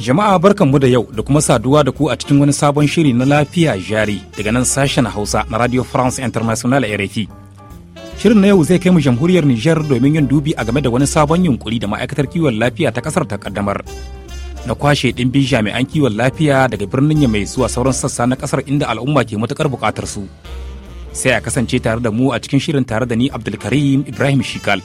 Jama'a barkanmu da yau da kuma saduwa da ku a cikin wani sabon shiri na lafiya jari daga nan sashen Hausa na Radio France International RFI. Shirin na yau zai kai mu jamhuriyar Nijar domin yin dubi a game da wani sabon yunkuri da ma'aikatar kiwon lafiya ta kasar ta kaddamar. Na kwashe dimbin jami'an kiwon lafiya daga birnin ya mai zuwa sauran sassa na kasar inda al'umma ke matukar buƙatar su. Sai a kasance tare da mu a cikin shirin tare da ni Abdulkarim Ibrahim Shikal.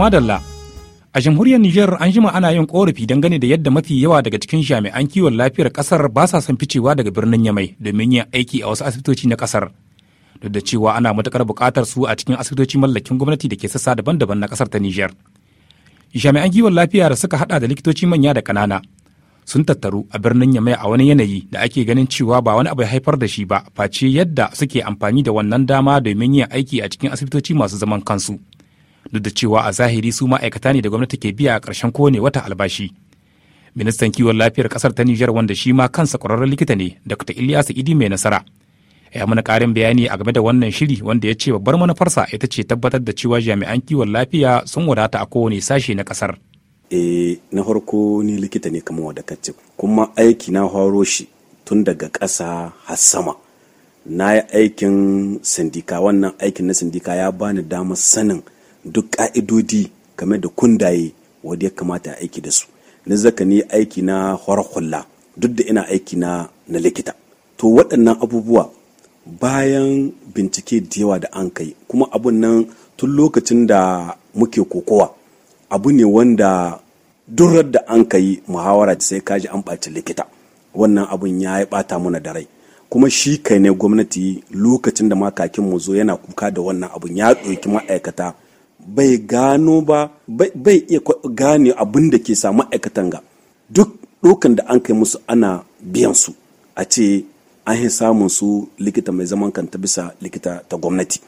madalla a jamhuriyar Nijar an jima ana yin korafi dangane da yadda mafi yawa daga cikin jami'an kiwon lafiyar kasar ba sa son ficewa daga birnin Yamai domin yin aiki a wasu asibitoci na kasar. Duk da cewa ana matukar bukatar su a cikin asibitoci mallakin gwamnati da ke sassa daban-daban na kasar ta Nijar. Jami'an kiwon lafiya da suka hada da likitoci manya da kanana sun tattaru a birnin Yamai a wani yanayi da ake ganin cewa ba wani abu ya haifar da shi ba face yadda suke amfani da wannan dama domin yin aiki a cikin asibitoci masu zaman kansu. duk da cewa a zahiri su ma'aikata ne da gwamnati ke biya a ƙarshen kowane wata albashi ministan kiwon lafiyar ƙasar ta nijar wanda shi ma kansa ƙwararren likita ne dr ilyasu idi mai nasara ya mana ƙarin bayani a game da wannan shiri wanda ya ce babbar manufarsa ita ce tabbatar da cewa jami'an kiwon lafiya sun wadata a kowane sashe na ƙasar eh na farko ni likita ne kamar wadda kuma aiki na horo shi tun daga ƙasa har sama na yi aikin sindika wannan aikin na sindika ya bani damar sanin duk ka'idodi game da kundaye wanda ya kamata aiki da su na zaka ni aiki na horakulla duk da ina aiki na na likita to waɗannan abubuwa bayan bincike da yawa da an kai kuma abun nan tun lokacin da muke kokowa abu ne wanda durar da an kai muhawara da sai kaji an ɓaci likita wannan abun ya yi ɓata mana da rai kuma shi kai ne gwamnati lokacin da makakin mu zo yana kuka da wannan abun ya ɗauki ma'aikata bai gano ba bai iya gane abin da ke samu aikatan ga duk dokan da an kai musu ana biyan su a ce an yi samun su likita mai zaman kanta bisa likita ta gwamnati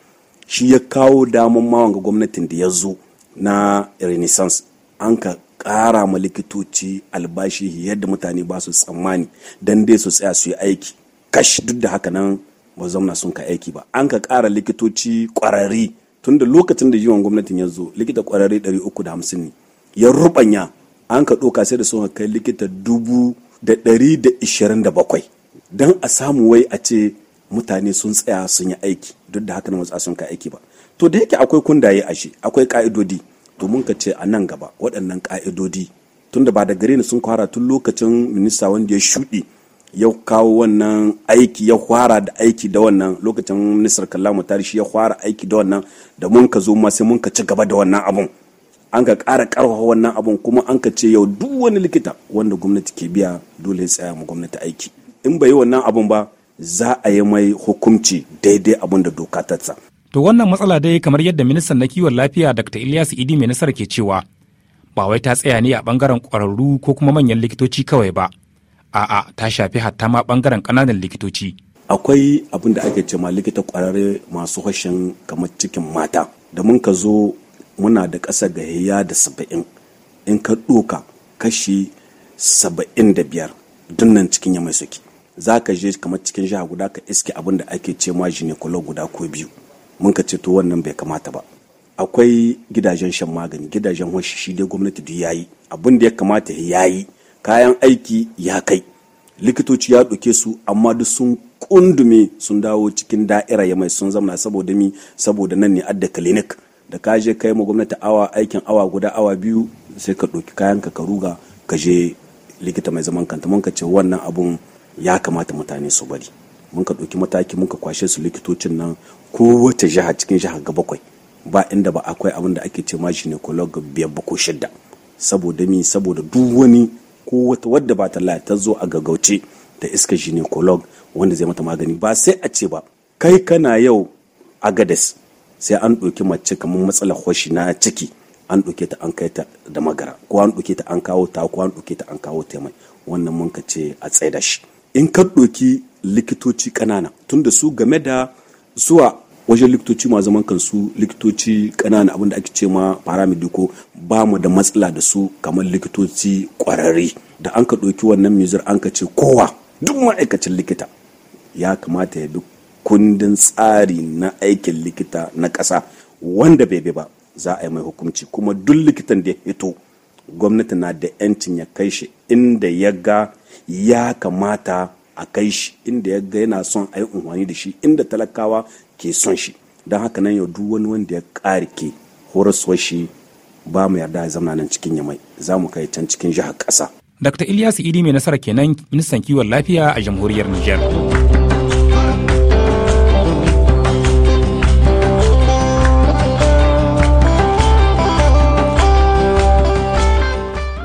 shi ya kawo damar mawan ga gwamnatin da ya zo na renaissance an ka kara ma likitoci albashi yadda mutane ba su tsammani don dai su tsaya su yi aiki kashi duk da haka nan ba zauna sun ka aiki ba an ka kara likitoci kwararri tun da lokacin da jiwon gwamnatin ya zo likita kwararre 350 ne ya rubanya an ka doka sai da sun kai likita dubu don a samu wai a ce mutane sun tsaya sun yi aiki duk da haka na matsa sun kai aiki ba to da yake akwai kundaye a shi akwai ka'idodi to mun ka ce a nan gaba waɗannan ka'idodi tun da ba da gare ni sun kwara tun lokacin minista wanda ya shuɗe ya kawo wannan aiki ya fara da aiki da wannan lokacin ministar kallamu tari shi ya fara aiki da wannan da mun ka zo ma sai mun ka ci gaba da wannan abun an ka ƙara ƙarfafa wannan abun kuma an ka ce yau duk wani likita wanda gwamnati ke biya dole ya tsaya mu gwamnati aiki in bai yi wannan abun ba za a yi mai hukunci daidai abun da doka ta To wannan matsala dai kamar yadda ministan na kiwon lafiya Dr. Ilyas Idi mai ke cewa ba wai ta tsaya ne a bangaren ƙwararru ko kuma manyan likitoci kawai ba. a'a ta shafi hatta ma bangaren kananan likitoci akwai abin da ake ma likita kwararre masu hashin kamar cikin mata da mun ka zo muna da ƙasa ga hiya da saba'in in ka ɗoka kashi saba'in da biyar dunnan cikin ya mai suki za ka je kamar cikin jiha guda ka iske abin da ake ce ma gynecolog guda ko biyu mun ka ce to wannan bai kamata ba akwai gidajen shan magani gidajen hoshi shi dai gwamnati duk yayi abin da ya kamata ya yi kayan aiki ya kai likitoci ya ɗauke su amma duk sun kundume sun dawo cikin da'ira ya mai sun zamana saboda mi saboda nan ne adda clinic da ka je kai ma gwamnati awa aikin awa guda awa biyu sai ka ɗauki kayan ka ka ruga ka je likita mai zaman kanta mun ka ce wannan abun ya kamata mutane su bari mun ka ɗauki mataki mun ka kwashe su likitocin nan kowace jiha cikin jiha ga bakwai ba inda ba akwai abin da ake ce ma gynecologue biyar ba ko shidda saboda mi saboda duk wani ko wata wadda ba ta ta zo a gaggauce da iska gynecolog wanda zai mata magani ba sai a ce ba kai kana yau agades sai an ɗauki mace kamar matsalar hoshi na ciki an ɗauke ta an kai ta da magara ko an ɗauke ta an kawo ta ko an ɗauke ta an kawo ta mai wannan mun ka ce a tsaida shi in ka ɗauki likitoci ƙanana da su game da zuwa wajen likitoci ma zaman kansu likitoci kanana abin da ake ce ma paramedico ba mu da matsala da su kamar likitoci ƙwararre da an ka ɗauki wannan mizar an ka ce kowa duk ma'aikacin likita ya kamata ya bi kundin tsari na aikin likita na ƙasa wanda bai bi ba za a yi mai hukunci kuma duk likitan da ya fito gwamnati na da 'yancin ya kai shi inda ya ga ya kamata a kai shi inda ya ga yana son a yi umarni da shi inda talakawa ke son shi don haka nan yau duk wani wanda ya ƙare ke horaswar shi ba mu yarda ya zama nan cikin yamai za mu kai can cikin jihar ƙasa. Dr. Ilyas Idi mai nasara kenan ministan kiwon lafiya a jamhuriyar Nijar.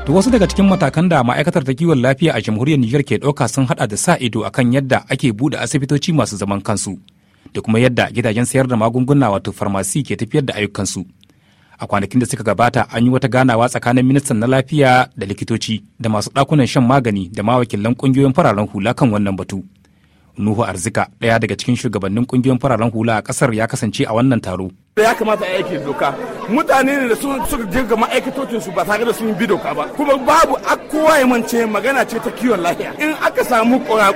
To wasu daga cikin matakan da ma'aikatar ta kiwon lafiya a jamhuriyar Nijar ke ɗauka sun haɗa da sa ido akan yadda ake buɗe asibitoci masu zaman kansu da kuma yadda gidajen sayar da magunguna wato farmasi ke tafiyar da ayyukansu. A kwanakin da suka gabata an yi wata ganawa tsakanin ministan na lafiya da likitoci da masu ɗakunan shan magani da mawakilan ƙungiyoyin fararen hula kan wannan batu. Nuhu Arzika, ɗaya daga cikin shugabannin ƙungiyoyin fararen hula a ƙasar ya kasance a wannan taro da ya kamata a aikin doka mutane ne da suka jirga ma'aikatocin su ba tare da sun bi doka ba kuma babu kowa ya mance magana ce ta kiwon lahiya in aka samu kora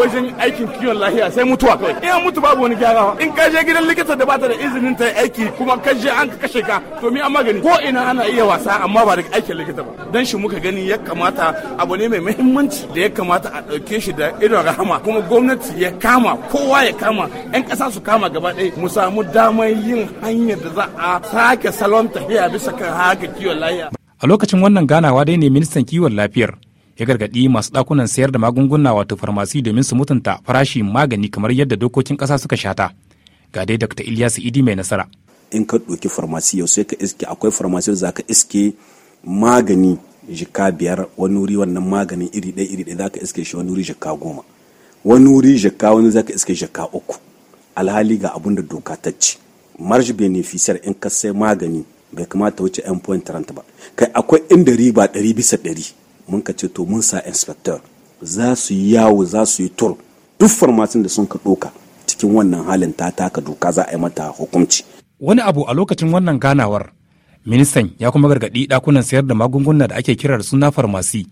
wajen aikin kiwon lahiya sai mutuwa kawai in mutu babu wani gyara in ka je gidan likita da bata da izinin ta aiki kuma ka je an kashe ka to mi an magani ko ina ana iya wasa amma ba da aikin likita ba dan shi muka gani ya kamata abu ne mai muhimmanci da ya kamata a dauke shi da idon rahama kuma gwamnati ya kama kowa ya kama 'yan kasa su kama gaba ɗaya mu samu damar yin hanyar da za a sake salon tafiya bisa kan haka kiwon lafiya. A lokacin wannan ganawa dai ne ministan kiwon lafiyar ya gargaɗi masu ɗakunan sayar da magunguna wato farmasi domin su mutunta farashi magani kamar yadda dokokin ƙasa suka shata. Ga dai Dr. Ilyasu Idi mai nasara. In ka ɗauki farmasi yau sai ka iske akwai farmasi za ka iske magani jika biyar wani wuri wannan maganin iri ɗaya iri ɗaya za ka iske shi wani wuri jika goma. Wani wuri jika wani za ka iske jika uku. Alhali ga abun da doka ta ce. marge beneficiar in ka sai magani bai kamata wuce 1.30 ba kai akwai inda ba ɗari bisa ɗari mun ka ce to mun sa inspector za su yi yawo za su yi tur duk farmacin da sun ka ɗoka cikin wannan halin ta taka doka za a yi mata hukunci wani abu a lokacin wannan ganawar ministan ya kuma gargaɗi ɗakunan sayar da magunguna da ake kirar suna farmasi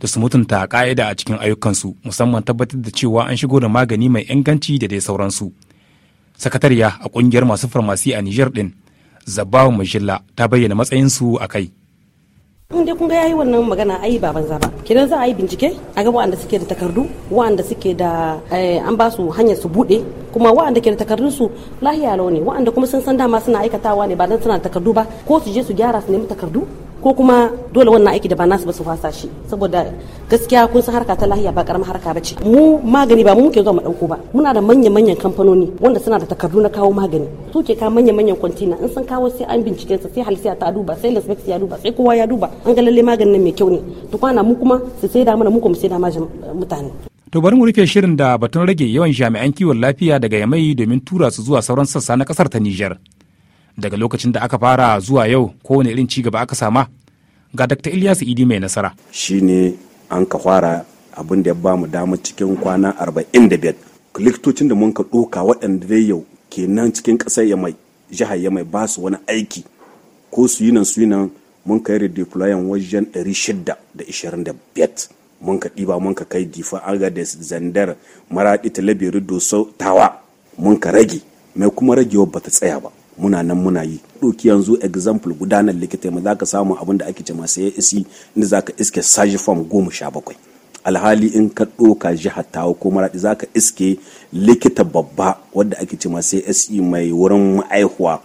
da su mutunta ka'ida a cikin ayyukansu musamman tabbatar da cewa an shigo da magani mai inganci da dai sauransu sakatariya a kungiyar masu farmasi a Nijar din Zabawu Majilla ta bayyana matsayinsu a kai. in dai kun ga yayi wannan magana ai ba banza ba kidan za a yi bincike a ga waɗanda suke da takardu waɗanda suke da eh, an ba su hanyar su bude kuma waɗanda ke da takardun su lahiya lau ne waɗanda kuma sun san dama suna aikatawa ne ba dan suna da takardu ba ko su je su gyara su nemi takardu ko kuma dole wannan aiki da ba nasu ba su fasa shi saboda gaskiya kun san harka ta lahiya ba karamar harka bace mu magani ba mu muke zuwa mu dauko ba muna da manyan manyan kamfanoni wanda suna da takardu na kawo magani to ke ka manyan manyan kwantina in san kawo sai an binciken sa sai halsiya ta duba sai lasbex ya duba sai kowa ya duba an ga lalle maganin mai kyau ne to kwana mu kuma su sai da mana mu kuma sai da eh, mutane To bari mu rufe shirin da batun rage yawan jami'an kiwon lafiya daga yamai domin tura su zuwa sauran sassa na kasar ta Nijar. daga lokacin da aka fara zuwa yau kowane irin cigaba aka sama ga dr ilyasu idi mai nasara shi ne an ka fara abin da ya bamu dama cikin kwana 45 likitocin da mun ka ɗoka waɗanda dai yau kenan cikin ƙasar mai jihar mai ba su wani aiki ko su yi nan su yi nan mun kai redeployan wajen 625 mun ka ɗiba mun ka kai difa agades zandar maraɗi talabiru doso tawa mun ka rage mai kuma ragewa ba ta tsaya ba muna nan muna yi doki yanzu example gudanar likita mai za ka samu abin da ake cema sai isi inda za ka iske saji form goma sha bakwai alhali in ka ɗoka jihar ko maraɗi za ka iske likita babba wadda ake cema sai se mai wurin ma'aihuwa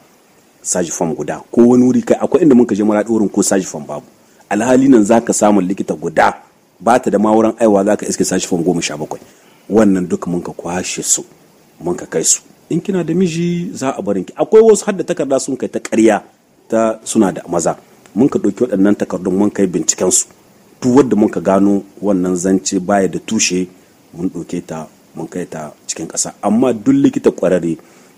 saji form guda ko wani wuri kai akwai inda muka je maraɗi wurin ko saji form babu alhali nan za ka samu likita guda ba ta da ma wurin aiwa za ka iske saji form goma sha bakwai wannan duka mun ka kwashe su mun ka kai su in kina da miji za a barinki akwai wasu hadda takarda sun kai ta karya ta suna da maza mun ka ɗauki waɗannan takardun mun kai binciken su duk wanda mun ka gano wannan zance baya da tushe mun ɗauke ta mun kai ta cikin ƙasa amma duk likita ƙwararre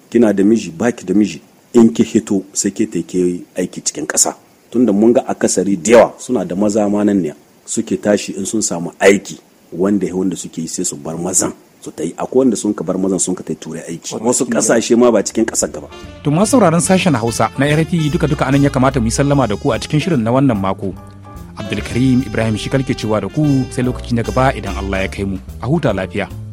kina da miji baki da miji in ki hito sai ke ta ke aiki cikin ƙasa tunda mun ga akasari da yawa suna da maza ma nan ne suke tashi in sun samu aiki wanda wanda suke yi sai su bar mazan su ta yi akwai wanda sun ka bar mazan sun ka ta turai aiki wasu kasashe ma ba cikin kasar gaba. to ma sauraron sashen hausa na rfi duka duka anan ya kamata mu yi sallama da ku a cikin shirin na wannan mako abdulkarim ibrahim shi kalke cewa da ku sai lokaci na gaba idan allah ya kai mu a huta lafiya.